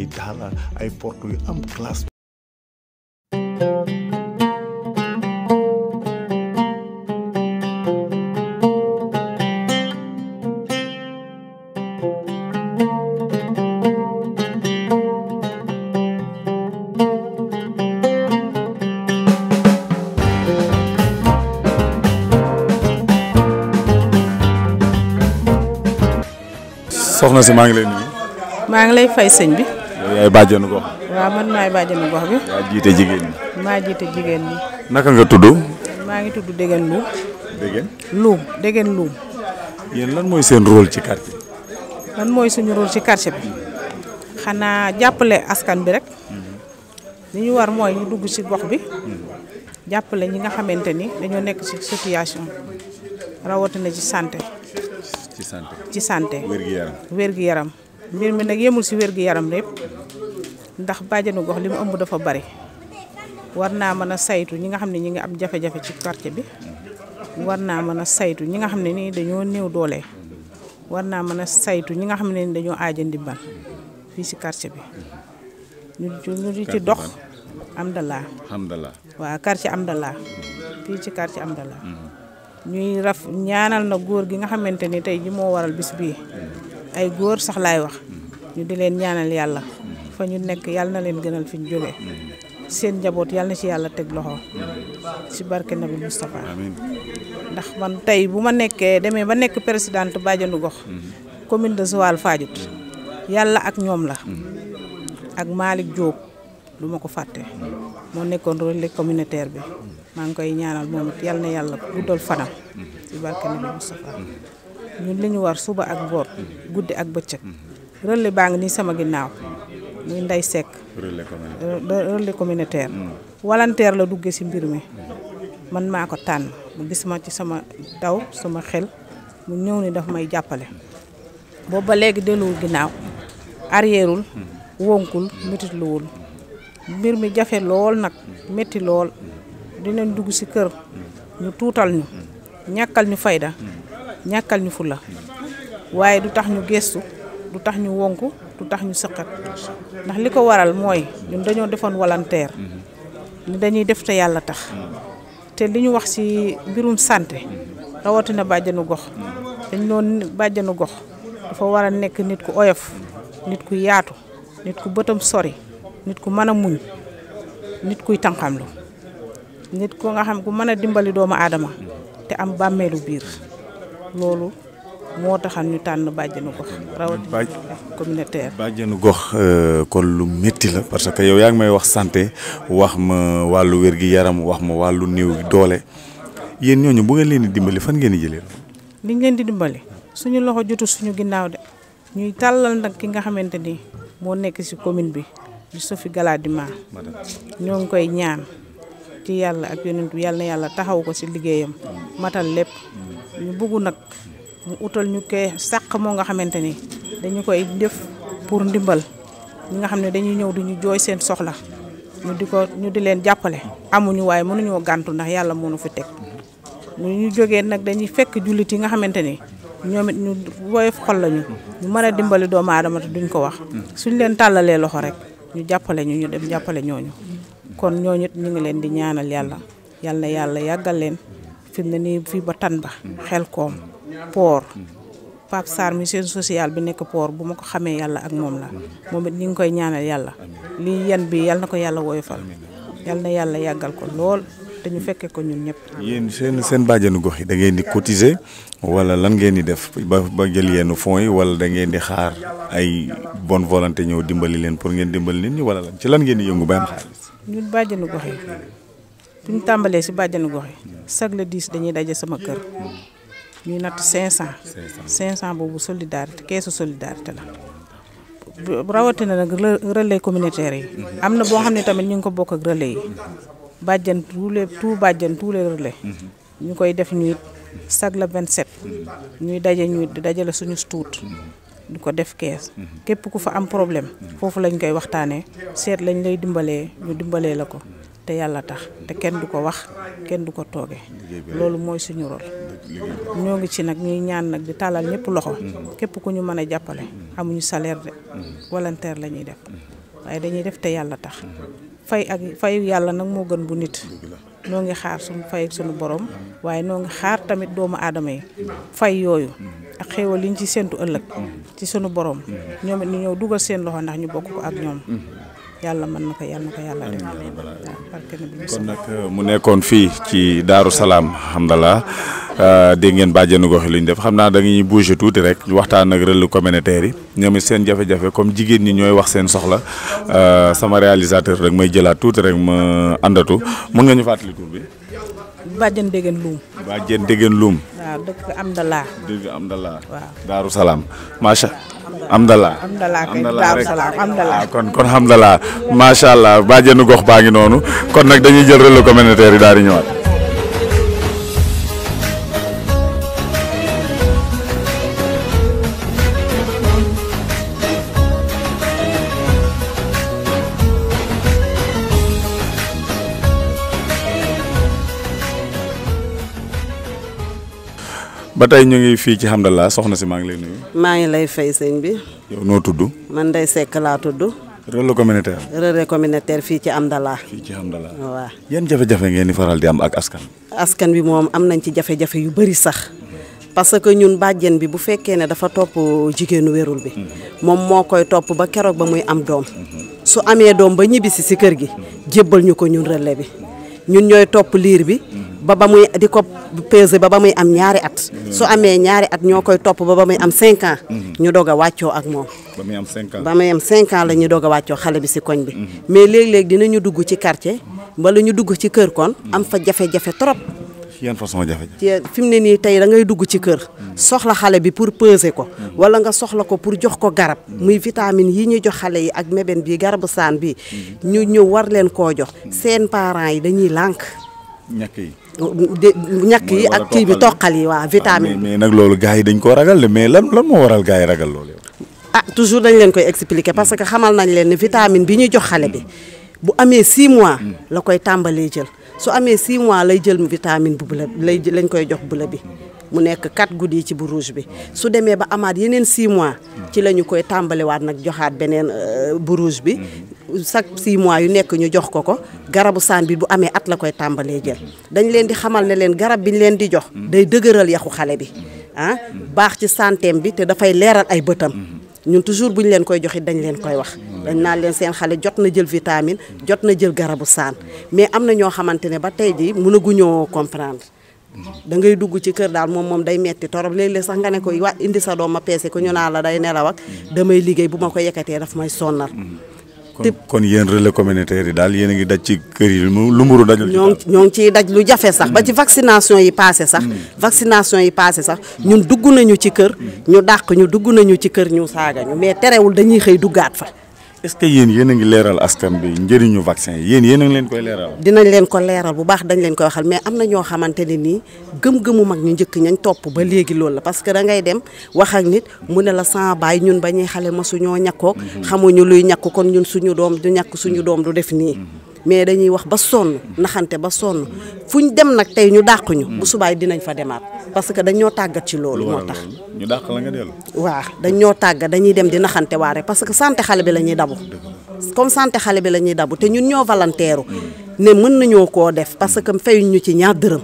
ay ay porte yu am classe. soxna si maa ngi lay nuyu. maa ngi lay fay sëñ bi. yaay bàjjenu gox. waaw man maay bàjjenu gox bi. yaa jiite jigéen ñi. maa jiite jigéen ñi. naka nga tudd. maa ngi tudd Dégène Loum. Dégène. Loum Dégène lan mooy seen rôle ci quartier. lan mooy suñu rôle ci quartier bi. xanaa jàppale askan bi rek. Mhm. li ñu war mooy ñu dugg ci gox bi. Mhm. jàppale ñi nga xamante ni dañoo nekk ci situation rawatina ci santé. ci santé ci santé. wér gu yaram mbir mi nag yemul ci wér gu yaram lépp ndax bàjjenu gox li mu ëmb dafa bari war naa mën a saytu ñi nga xam ne ñi ngi am jafe-jafe bi war naa mën a saytu ñi nga xam ne nii dañoo néew doole war naa mën a saytu ñi nga xam ne ni dañoo aaja ndimbal fii si quartier bi ñu di ci dox am amdalaa amdalaa waaw quartier amdalaa fii ci quartier amdalaa mm-hmm. ñuy raf ñaanal na góor gi nga xamante ni tey ji moo waral bis bii mm-hmm. ay góor sax laay wax ñu di leen ñaanal yàlla fa ñu nekk yàlla na leen gënal fi ñu jógee seen njaboot yàlla na ci yàlla teg loxo si barke Nabi Moustapha ndax man tey bu ma nekkee demee ba nekk président Badianu gox commune de Joal Fadiouth yàlla ak ñoom la ak Malick Diop du ma ko fàtte moo nekkoon relais communautaire bi maa ngi koy ñaanal moom it yàlla na yàlla guddal fanam ci barke Nabi Moustapha ñu li war suba ak ngoor guddi ak bëccëg relais baa ngi nii sama ginnaaw muy Ndeye Seck relais communautaire volontaire la duggee ci mbir mi man maa ko tànn mu gis ma ci sama daw sama xel mu ñëw ni daf may jàppale boobu ba léegi delluwul ginnaaw arrièreul wonkul métit luwul mbir mi jafe lool nag métti lool dinañ dugg ci kër ñu tuutal ñu ñàkkal ñu fayda ñàkkal ñu fulla waaye du tax ñu gestu du tax ñu wonk du tax ñu sëqat ndax li ko waral mooy ñun dañoo defoon volontaire ni dañuy def te yàlla tax te li ñu wax si mbirum santé rawatina bàjjanu gox dañ doon gox dafa war a nekk nit ku oyof nit ku yaatu nit ku bëtam sori nit ku mën a muñ nit kuy tanqamlu nit ku nga xam ku mën a dimbali doomu aadama te am bàmmeelu biir loolu moo taxal ñu tànn bàjjenu gox rawatina communautaire. bàjjenu gox euh, kon lu métti la. parce que yow yaa ngi may wax sante wax ma wàllu wér gi yaram wax ma wàllu néew doole yéen ñooñu bu ngeen leen di dimbali fan ngeen di jëlee. li ngeen di dimbali suñu loxo jotu suñu ginnaaw de ñuy tàllal nag ki nga xamante ni moo nekk ci commune bi di Sophie Galadima ñoo ngi koy ñaan ci yàlla ak yonent bi yàlla na yàlla taxaw ko si liggéeyam matal lépp. ñu bëgg nag mu utal ñu kee saq moo nga xamante ni dañu koy def pour ndimbal ñi nga xam ne dañuy ñëw di ñu jooy seen soxla ñu di ko ñu di leen jàppale. amuñu waaye mënuñoo gàntu ndax yàlla moo nu fi teg ñu ñu jógee nag dañuy fekk jullit yi nga xamante ni ñoom it ñu woyof xol lañu ñu mën dimbali doomu aadama te duñ ko wax. suñ leen tàllalee loxo rek ñu jàppale ñu ñu dem jàppale ñooñu kon ñooñu it ñu ngi leen di ñaanal yàlla yàlla yàlla yàggal leen. fi mu ne nii fii ba tan ba xel koom poor Pape Sarr social bi nekk poor bu ma ko xamee yàlla ak moom la moom it ñu ngi koy ñaanal yàlla lii yan bi yàlla ko yàlla woyofal yàlla na yàlla yàggal ko lool te ñu fekkee ko ñun ñëpp. yéen seen seen bàjjenu gox yi da ngeen di cotiser wala lan ngeen di def ba ba jël yenn fonds yi wala da ngeen di xaar ay bonne volonté ñëw dimbali leen pour ngeen dimbali leen ñi wala lan ci lan ngeen di yëngu ba am xaalis. ñun bàjjenu gox yi. bi ñu tàmbalee si bàjjenu gox yi chaque le dañuy daje sama kër ñuy nag natt 500. cinq 500 boobu solidarite keesu solidarité la. rawatina nag relais communautaire yi. am na boo xam ne tamit ñu ngi ko bokk ak relais yi. bàjjen tous les tout bàjjen tous ñu koy def ñuy sag la 27. ñuy daje ñuy dajale suñu tuut. du ko def kees. képp ku fa am problème. foofu lañ koy waxtaanee seet lañ lay dimbalee ñu dimbalee la ko. te yàlla tax te kenn du ko wax kenn du ko tooge loolu mooy suñu rol ñoo ngi ci nag ñuy ñaan nag di tàllal ñëpp loxo képp ku ñu mën a jàppale amuñu salaire de volontaire la ñuy def waaye dañuy def te yàlla tax fay ak fayu yàlla nag moo gën bu nit noo ngi xaar suñu fay suñu borom waaye noo ngi xaar tamit doomu aadama yi fay yooyu ak xéewal liñ ci séntu ëllëg ci suñu borom ñoom it ñëw dugal seen loxo ndax ñu bokk ko ak ñoom yàlla mën na ko yàlla na ko yàlla def kon nag uh, mu nekkoon fii ci Daaru Salaam alhamdulilah uh, dégg ngeen bàjjenu gox li def xam naa da ngay bouger tuuti rek waxtaan ak relais communautaire yi ñoom it seen jafe-jafe comme jigéen ñi ñooy wax seen soxla uh, sama réalisateur rek may jëlaat tuuti rek ma àndatu mën nga ñu fàttali tur bi. bàjjen Dégeen Loum. bàjjen Dégeen Loum. waaw dëkk Amdalaa. Salaam macha amdala amdala kay daaru salaam amdala ah, kon kon alhamdulilah macha allah bàjjenu gox baa ngi noonu kon nag dañuy jël relais communautaire yi daal di ñëwaat. ba tey ñu ngi fii ci Hamdallah soxna si maa ngi lay nuyu. maa ngi lay fay sëñ bi. noo tudd. man Ndeye Seck laa tudd. relais communautaire. communautaire fii ci Hamdallah. fii ci Hamdallah waaw. yan jafe-jafe ngeen faral di am ak askan. askan bi moom am nañ ci jafe-jafe yu bëri sax. parce que ñun bàjjen bi bu fekkee ne dafa topp jigéenu wérul bi moom moo koy topp ba keroog ba muy am doom su amee doom ba ñibbisi si kër gi jébbal ñu ko ñun relais bi ñun ñooy topp liir bi ba ba muy di ko peser ba ba muy am ñaari at. su amee ñaari at ñoo koy topp ba ba muy am 5 ans. Mhm. ñu doog a wàccoo ak moom. ba muy am 5 ans ba muy am 5 ans la ñu doog a wàccoo xale bi si koñ bi. Mhm. mais léeg-léeg dinañu dugg ci quartier. wala ñu dugg ci kër kon. Mhm. am fa jafe-jafe trop. ci yan façon jafe-jafe. fi mu ne nii tey da ngay dugg ci kër. soxla xale bi pour peser ko. wala nga soxla ko pour jox ko garab. muy vitamine yi ñuy jox xale yi ak meben bii garabu saan bii. ñu ñëw war leen koo jox. seen parents yi dañuy lànk. ñàkk yi ñàkk yi ak kii bi toqal yi waaw vitamine. Ah, mais nag loolu gars yi dañ koo ragal mais lan lan moo waral gars yi ragal loolu. ah toujours dañ leen koy expliquer parce que xamal nañ leen ni vitamine bi ñuy jox xale bi bu amee 6 mois hmm. la koy tàmbalee jël su amee 6 mois lay jël mu vitamine bu bula lay lañ koy jox bula bi. mu nekk quatre guddi ci bu bi su demee ba amaat yeneen six mois ci la ñu koy tàmbaliwaat nag joxaat beneen euh, bu rouge bi chaque six mois yu nekk ñu jox ko ko garabu saan bi bu amee at la koy tàmbalee jël dañ leen di xamal ne leen garab biñ leen di jox day dëgëral yaxu xale bi ah baax ci santeem bi te dafay leeral ay bëtam ñun toujours bu ñu leen koy joxe dañ leen koy wax dañ naa leen seen xale jot na jël vitamine jot na jël garabu saan mais am na ñoo xamante ne ba tey ji mënaguñoo comprendre da ngay dugg ci kër daal moom moom day metti torop léeg-léeg sax nga ne ko wa indi sa doom a peese ko ñu naa la day nelaw ak mm-hmm. damay liggéey bu ma ko yekkatee daf may sonnal mm-hmm. kon yéen relais communautaire yi daal yéen a ngi daj ci kër yi lu mburu dajul ñoo ngi ñoo ngi ciy daj lu jafe sax ba ci mm-hmm. vaccination yi passé sax vaccination yi passé sax ñun dugg nañu ci kër ñu dàq ñu dugg nañu ci kër ñu saaga ñu mais terewul dañuy xëy duggaat fa est-ce que yéen yéen a ngi leeral askan bi njëriñu vaccin yéen yéen a leen koy leeral. dinañ leen ko leeral bu baax dañ leen koy waxal mais am na ñoo xamante ne nii gëm-gëmu mag ñu njëkk ñañ topp ba léegi loolu la parce que da ngay dem wax ak nit mu ne la sans bàyyi ñun ba ñuy xale ma suñoo ñàkkook mhm. xamuñu luy ñàkk kon ñun suñu doom du ñàkk suñu doom du def nii. Mhm. mais dañuy wax ba sonn naxante ba sonn fu ñu dem nag tey ñu dàq ñu. bu subaay dinañ fa demaat parce que dañoo tàggat ci loolu. moo tax ñu dàq la nga dellu. waaw dañoo dañuy dem di naxante waare parce que santé xale bi la ñuy dabu. comme santé xale la ñuy dabu te ñun ñoo volontaire ne mën nañoo koo def parce que fayuñ ñu ci ñaar dërëm.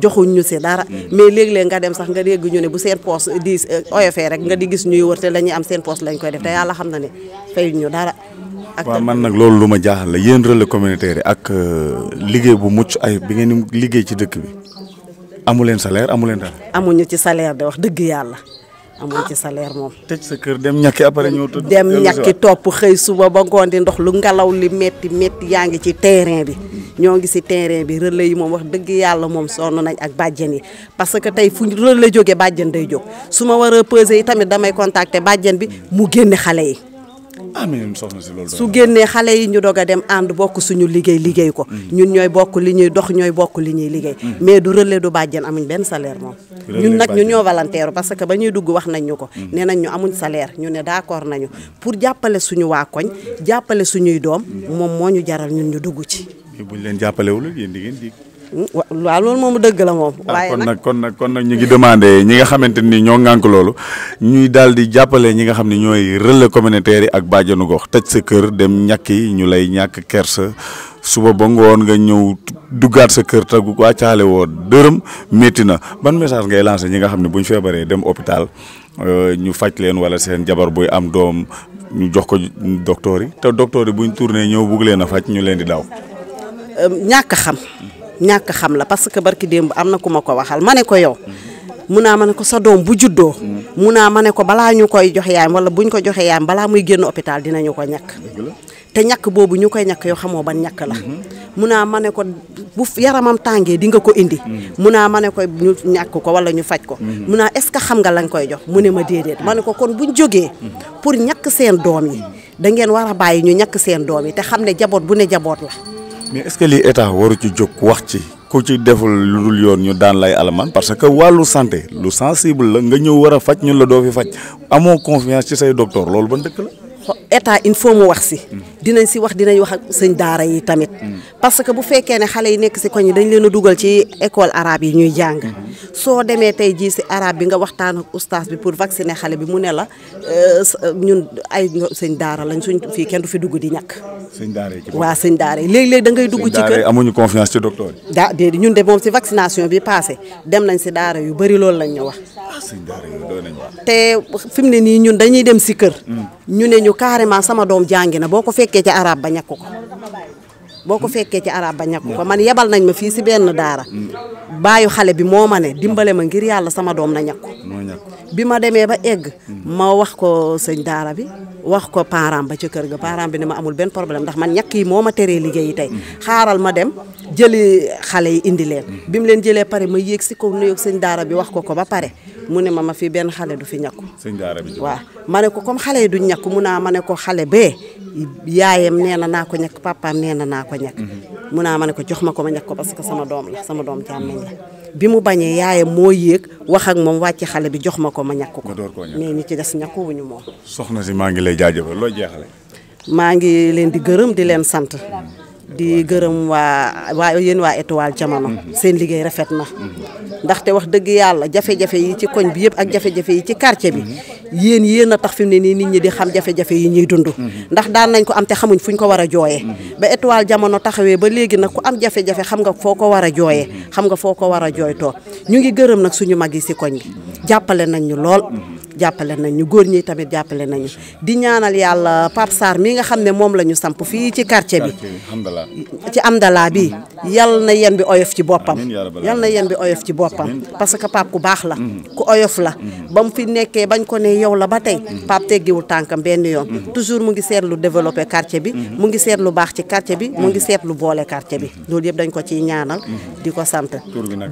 joxuñ ñu si dara. mais léeg-léeg nga dem sax nga dégg ñu ne bu seen poos di euh, oyofee rek nga di gis ñuy wër te la ñuy am seen poos lañ koy def te yàlla xam na ne fayuñ dara. ak man nag loolu lu ma jaaxal la yéen relais communautaire yi ak euh, liggéey bu mucc ay bi ngeen liggéey ci dëkk bi amu leen salaire amu leen dara. amuñu ci salaire de wax dëgg yàlla. amoon ci saleer moom. tëj sa kër dem ñàkki après ñëw tëdd dem ñàkki topp xëy suba ba ngoon di ndox lu ngelaw li metti metti yaa ngi ci terrain bi. ñoo ngi si terrain bi relais yi moom wax dëgg yàlla moom sonn nañ ak bàjjen yi parce que tey fu relais jógee bàjjen day jóg su ma war a peser yi tamit damay contacter bàjjen bi mu génne xale yi. amiin ah, soxna si loolu su génnee xale yi ñu dog dem ànd bokk suñu liggéey liggéey ko. Mm-hmm. ñun ñooy bokk li ñuy dox ñooy bokk li ñuy liggéey. Mm-hmm. mais du relais du bàjjeen amuñ benn salaire moom. ñun nag ñu ñoo volontaire parce que ba ñuy dugg wax nañu ko. Mm-hmm. nee nañu ñu amuñ salaire ñu ne d'accord nañu pour jàppale suñu waa koñ jàppale suñuy doom moom moo ñu jaral ñun ñu dugg ci. buñ leen jàppalewul yéen di waaw loolu moom dëgg la moom. Ah, waaye nag kon nag kon nag ñu ngi demandé ñi nga xamante ni ñoo ŋànk loolu ñuy daal di jàppale ñi nga xam ne ñooy relais communautaire yi bàjjanu gox tëj sa kër dem ñàkki ñu lay ñàkk kersa suba ba ngoon nga ñëw duggaat sa kër taggu wàccaale woo dërëm métti na ban message ngay lancé ñi nga xam ne bu ñu feebaree dem hôpital euh, ñu faj leen wala seen jabar buy am doom ñu jox ko docteur yi te docteur yi buñ tourné ñëw bugg leen a faj ñu leen di daw euh, ñàkk xam. ñàkk xam la parce que barki démb am na ku ma ko waxal ma ne ko yow. mun naa ma ne ko sa doom bu juddoo. mun naa ma ne ko balaa ñu koy jox yaay wala buñ ko joxee yaayam balaa muy génn hôpital dinañu ko ñàkk. te ñàkk boobu ñu koy ñàkk xamoo ban ñàkk la. Mm-hmm. mun naa ma ne ko bu yaramam tàngee di nga ko indi. Mm-hmm. mun naa ma ne ko ñu ñàkk ko wala ñu faj ko. Mm-hmm. mun naa est ce que xam nga lañ koy jox mu ne ma déedéet ma ne ko kon buñ jogee pour ñàkk seen doom yi da ngeen war a bàyyi ñu ñàkk seen doom yi te xam ne jaboot bu ne jaboot la. mais est-ce que lii état waru ci jóg wax ci ku ci deful lu dul yoon ñu daan lay alamaan parce que wàllu sante lu sensible la nga ñëw war a faj ñun la doo fi faj amoo confiance ci say docteur loolu ba ndëkk la. état il faut mu wax si. dinañ si wax dinañ wax sëñ daara yi tamit. parce que bu fekkee ne xale yi nekk si koñ yi dañ leen a dugal ci école araab yi ñuy jàng. soo demee tey jii si araab bi nga waxtaan ak ustaas bi pour vacciner xale bi mu ne la euh, ñun ay sëñ daara lañ suñ fii kenn du fi dugg di ñàkk. sëñ yi waaw sëñ daara yi léeg-léeg da ngay dugg ci kër amuñu confiance ci docteur yi. ñun de moom si vaccination bi passé dem nañ si daara yu bëri loolu lañ ñu wax. te fi mu ne nii ñun dañuy dem si kër. Mm. ñu ne ñu carrément sama doom jàngi na boo ko fekkee ci arab ba ñàkk ko. boo ko fekkee ci arab ba ñàkk ko man yebal nañ ma fii si benn daara. Mm. baayu xale bi moo ma ne dimbale ma ngir yàlla sama doom na ñàkk bi ma demee ba egg ma wax ko sëñ daara bi wax ko parent ba ca kër ga parent bi ne ma amul benn problème ndax man ñàkk yi moo ma teree liggéey tey xaaral ma dem jëli xale yi indi leen bi mu leen jëlee pare ma yéeg si ko nuyoog sëñ daara bi wax ko ko ba pare mu ne ma ma fii benn xale du fi ñakku sëñ daara bi waaw ma ne ko comme xale yi du ñàkku mu naa ma ne ko xale bee yaayam nee na naa ko ñàkk papaam nee na naa ko ñàkk mhm. mu naa ma ne ko jox ma ko ma ñàkk ko parce sama doom la sama doom jàmmeñ la bi mu bañee yaayam moo yéeg wax ak moom wàcc xale bi jox ma ko ma ñàkk ko mais ñi ci des ñàkkuwuñu moom. soxna si maa ngi lay jaajëfal loo jeexale maa ngi leen di gërëm di leen sant. di gërëm waa waa yéen waa étoile jamono mm-hmm. seen liggéey rafet na ndaxte wax dëgg yàlla jafe-jafe yi ci koñ bi yëpp ak jafe-jafe yi ci quartier bi mm-hmm. yéen yéen a tax fi mu ne nii nit ñi di xam jafe-jafe yi ñuy dundu mm-hmm. ndax daan nañ ko am te xamuñ ñu ko war a jooyee ba étoile jamono taxawee ba léegi nag ku am jafe-jafe xam nga foo ko war a jooyee xam nga foo ko war a jooy jooytoo ñu ngi gërëm nag suñu mag yi si koñ bi jàppale nañ lool jàppale nañ ñu góor ñi tamit jàppale nañu di ñaanal yàlla Pape Sarr mi nga xam ne moom la ñu samp fii ci quartier bi ci Amdala bi yal na yéen bi oyof ci boppam yal na yéen bi oyof ci boppam parce que Pape ku baax la mhm. ku oyof la mhm. ba mu fi nekkee bañ ko ne yow la ba tey mhm. Pape teggiwul tànkam benn yoon toujours mu ngi seet lu développé quartier bi mu ngi seet lu baax ci quartier bi mu ngi seet lu boole quartier bi loolu yëpp dañ ko ciy ñaanal di ko sant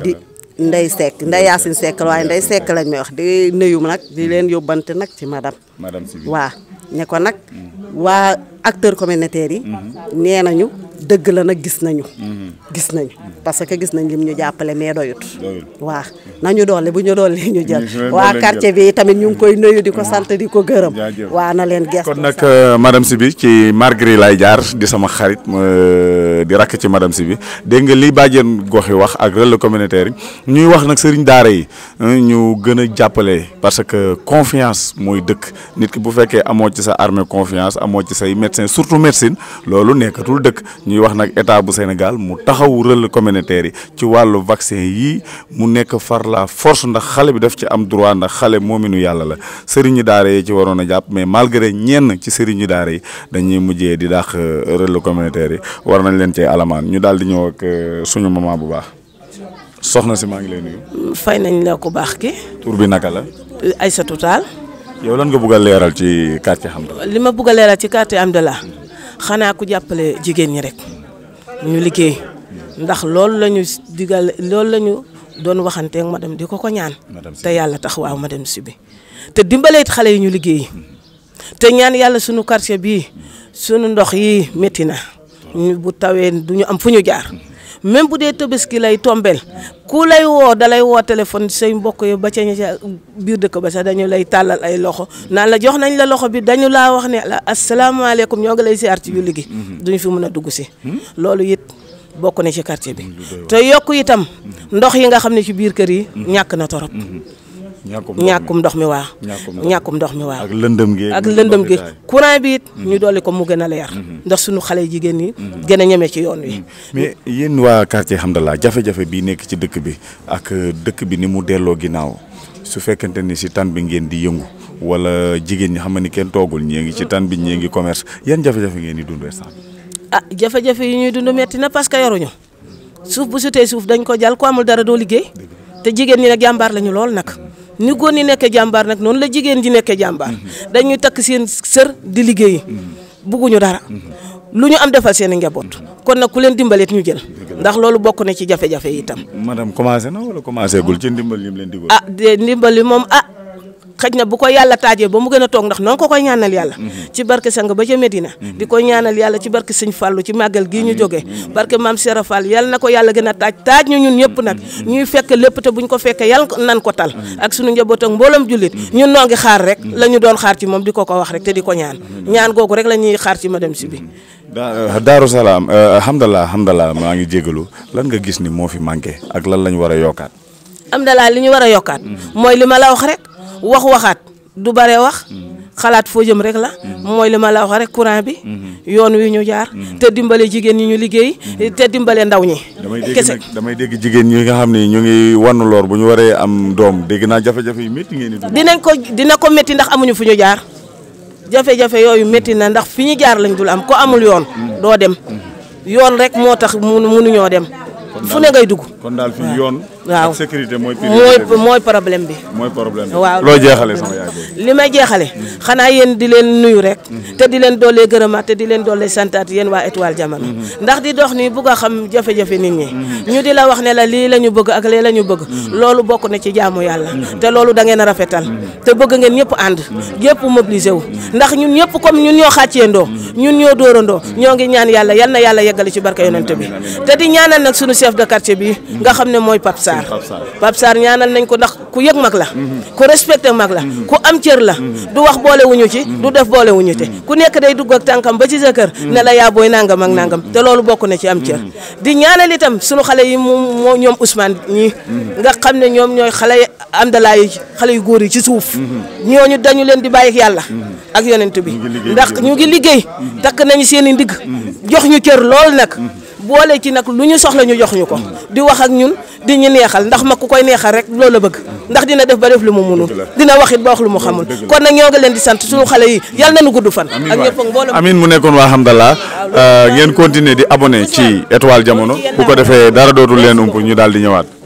di Ndeye Seck Ndeye Yacine Seck waaye Ndeye Seck lañ may wax di nuyu nag di leen yóbbante nag ci madame. madame Sibi waaw ne ko nag. Mm. waa acteur communautaires yi. Mm-hmm. nee nañu dëgg la nag gis nañu. Mm-hmm. gis nañ parce que gis nañ lim ñu jàppale mais doyut waaw nañu doole bu ñu doolee ñu jël waa quartier bi tamit ñu ngi koy nuyu di ko sant di ko gërëm waa na leen gestu kon nag euh, madame si bi ci Marguerite lay jaar di sama xarit euh, di rakk ci madame si bi dégg nga li bàjjeen gox yi wax ak relais communautaire yi ñuy wax nag sëriñ daara yi ñu gën a jàppale parce que confiance mooy dëkk nit ki bu fekkee amoo ci sa armée confiance amoo ci say médecin surtout médecine loolu nekkatul dëkk ñuy wax nag état bu Sénégal taxawu relais communautaire yi ci wàllu vaccin yi mu nekk farlaa la force ndax xale bi def ci am droit ndax xale moominu yàlla la sëriñu daara yi ci waroon a jàpp mais malgré ñenn ci sëriñu daara yi dañuy mujjee di dàq relais communautaire yi war nañ leen cee alamaan ñu daal di ñëw ak euh, suñu maman bu baax soxna si maa ngi lay nuyu. fay nañ la ku baax ki tur bi naka la. Euh, Aïssatou Tall. yow lan nga bugg a leeral ci quartier Hamdallah. li ma bugg a leeral ci quartier Hamdallah xanaa ko jàppale jigéen ñi rek ndax loolu la ñu digal loolu la ñu doon waxanteeg di ko ko ñaan. te yàlla tax waaw madame si bi te dimbalee it xale yi ñu liggéey te ñaan yàlla sunu quartier bii sunu ndox yi métti na bu tawee du ñu am fu ñu jaar. même bu dee tabaski lay tombel ku lay woo dalay woo téléphone say mbokk yi ba ca biir dëkk ba sax dañu lay tàllal ay loxo naan la jox nañ la loxo bi dañu la wax ne la asalaamaaleykum ñoo ngi lay siyaar ci julli gi mm-hmm. duñu fi mën a dugg si mm-hmm. loolu it bokk na ci quartier bi mm, te yokk itam ndox yi nga xam ne ci biir kër yi mm-hmm. ñàkk na torop mm-hmm. ñàkkum ndox mi waa ñàkkum ndox mi waa ak lëndëm gi courant bi mm-hmm. ñu dolli ko mu gën a leer ndax suñu xale jigéen ñi gën a ñeme ci yoon wi mais yéen waa quartier Hamdallah jafe-jafe bii nekk ci dëkk bi ak dëkk bi ni mu delloo ginnaaw su fekkente ni si tan bi ngeen di yëngu wala jigéen ñi xam ne kenn toogul ñii ngi ci tan bi ñii ngi commerce yan jafe-jafe ngeen di dund instant bi ah jafe-jafe yi ñuy dund metti na parce que yoruñu suuf bu sutee suuf dañ ko jal ko amul dara doo liggéey te jigéen ñi nag jàmbaar lañu lool nag ni góor ñi nekkee jàmbaar nag noonu la jigéen ji nekke jàmbaar mhm. dañuy takk seen sër di liggéeyi mhm. bugguñu dara mhm. lu ñu am defal seen i njaboot kon nag ku leen dimbalit ñu jël ndax loolu bokk na ci jafe-jafe yi itam. madame commencé na wala commencé gul ci ndimbal yi leen di. ah ndimbal yi moom ah. xëj na bu ko yàlla taajee ba mu gën a toog ndax noonu ko koy ñaanal yàlla mhm. ci barke sang ba ca Medina mhm. di ko ñaanal yàlla ci barke sëñ Fallou ci màggal gii ñu jógee barke maam Sera Fall yàlla na ko yàlla gën a taaj taaj ñu ñun ñëpp nag mhm. ñuy fekk lépp te buñ ko fekkee yàlla nan ko tal ak suñu njaboot ak mbooloom jullit ñun noo xaar rek la ñu doon xaar ci moom di ko ko wax rek te di ko ñaan ñaan googu rek la ñuy xaar ci madame si bi euh, daaru salaam euh, alhamdulilah gis ni moo fi manqué ak lan lañ ñu war a yokkaat mooy li wax waxaat du bare wax xalaat foo jëm rek la mooy li ma la wax rek courant bi yoon wi ñu jaar te dimbale jigéen ñi ñu liggéey te dimbale ndaw ñi kese damay dégg jigéen ñi nga xam ne ñu ngi wann loor bu ñu waree am doom dégg naa jafe-jafe yu métti ngeen di dina ko métti ndax amuñu fu ñu jaar jafe-jafe yooyu métti na ndax fi ñu jaar lañ dul am ko amul yoon doo dem yoon rek moo tax mënuñoo dem fu ne ngay dugg kon daal fi yoon waaw sécurité mooy. mooy problème bi. mooy problème bi waaw loo jeexalee sama yaay li may jeexalee. xanaa yéen di leen nuyu rek. Mhm. te di leen doolee gërëmaat te di leen doolee santaat yéen waa étoile jamono. Mhm. ndax di dox nii bugg xam jafe-jafe nit ñi. Mhm. ñu di la wax ne la lii la ñu bëgg ak lii la ñu bëgg. loolu bokk na ci jaamu yàlla. te loolu da ngeen a rafetal. te bëgg ngeen ñëpp ànd. ñëpp mobilisé wu. ndax ñun ñëpp comme ñun ñoo xàcceendoo. ñun ñoo dóorandoo. ñoo ngi ñaan yàlla yal na yàlla yeggale ci barke yonent bi te di bi Sarr Pape ñaanal nañ ko ndax ku yëg mag la ku respecté la ku am cër la du wax boole ñu ci du def boole wuñu te ku nekk day dugg ak tànkam ba ci sa kër ne la yaa booy nangam ak nangam te loolu bokk na ci am cër di ñaanal itam sunu xale yi moo ñoom Ousmane ñii nga xam ne ñoom ñooy xale am dalaa yu xale yu góor yi ci suuf ñoo ñu dañu leen di bàyyi ki yàlla ak yonent bi ndax ñu ngi liggéey takk nañu seen i ndig jox ñu cër lool nag boole ci nag lu ñu soxla ñu jox ñu ko di wax ak ñun di ñu neexal ndax ma ku koy neexal rek loolu la bëgg ndax dina def ba def lu mu munul dina wax it ba wax lu mu xamul kon nag ñoo ngi leen di sant suñu xale yi yàlla nañu gudd fan ak ñëpp mbooloo amin mu nekkoon waa alhamdulilah euh, ngeen continuer di abonné ci étoile jamono bu ko defee dara dootul leen ump ñu daal di ñëwaat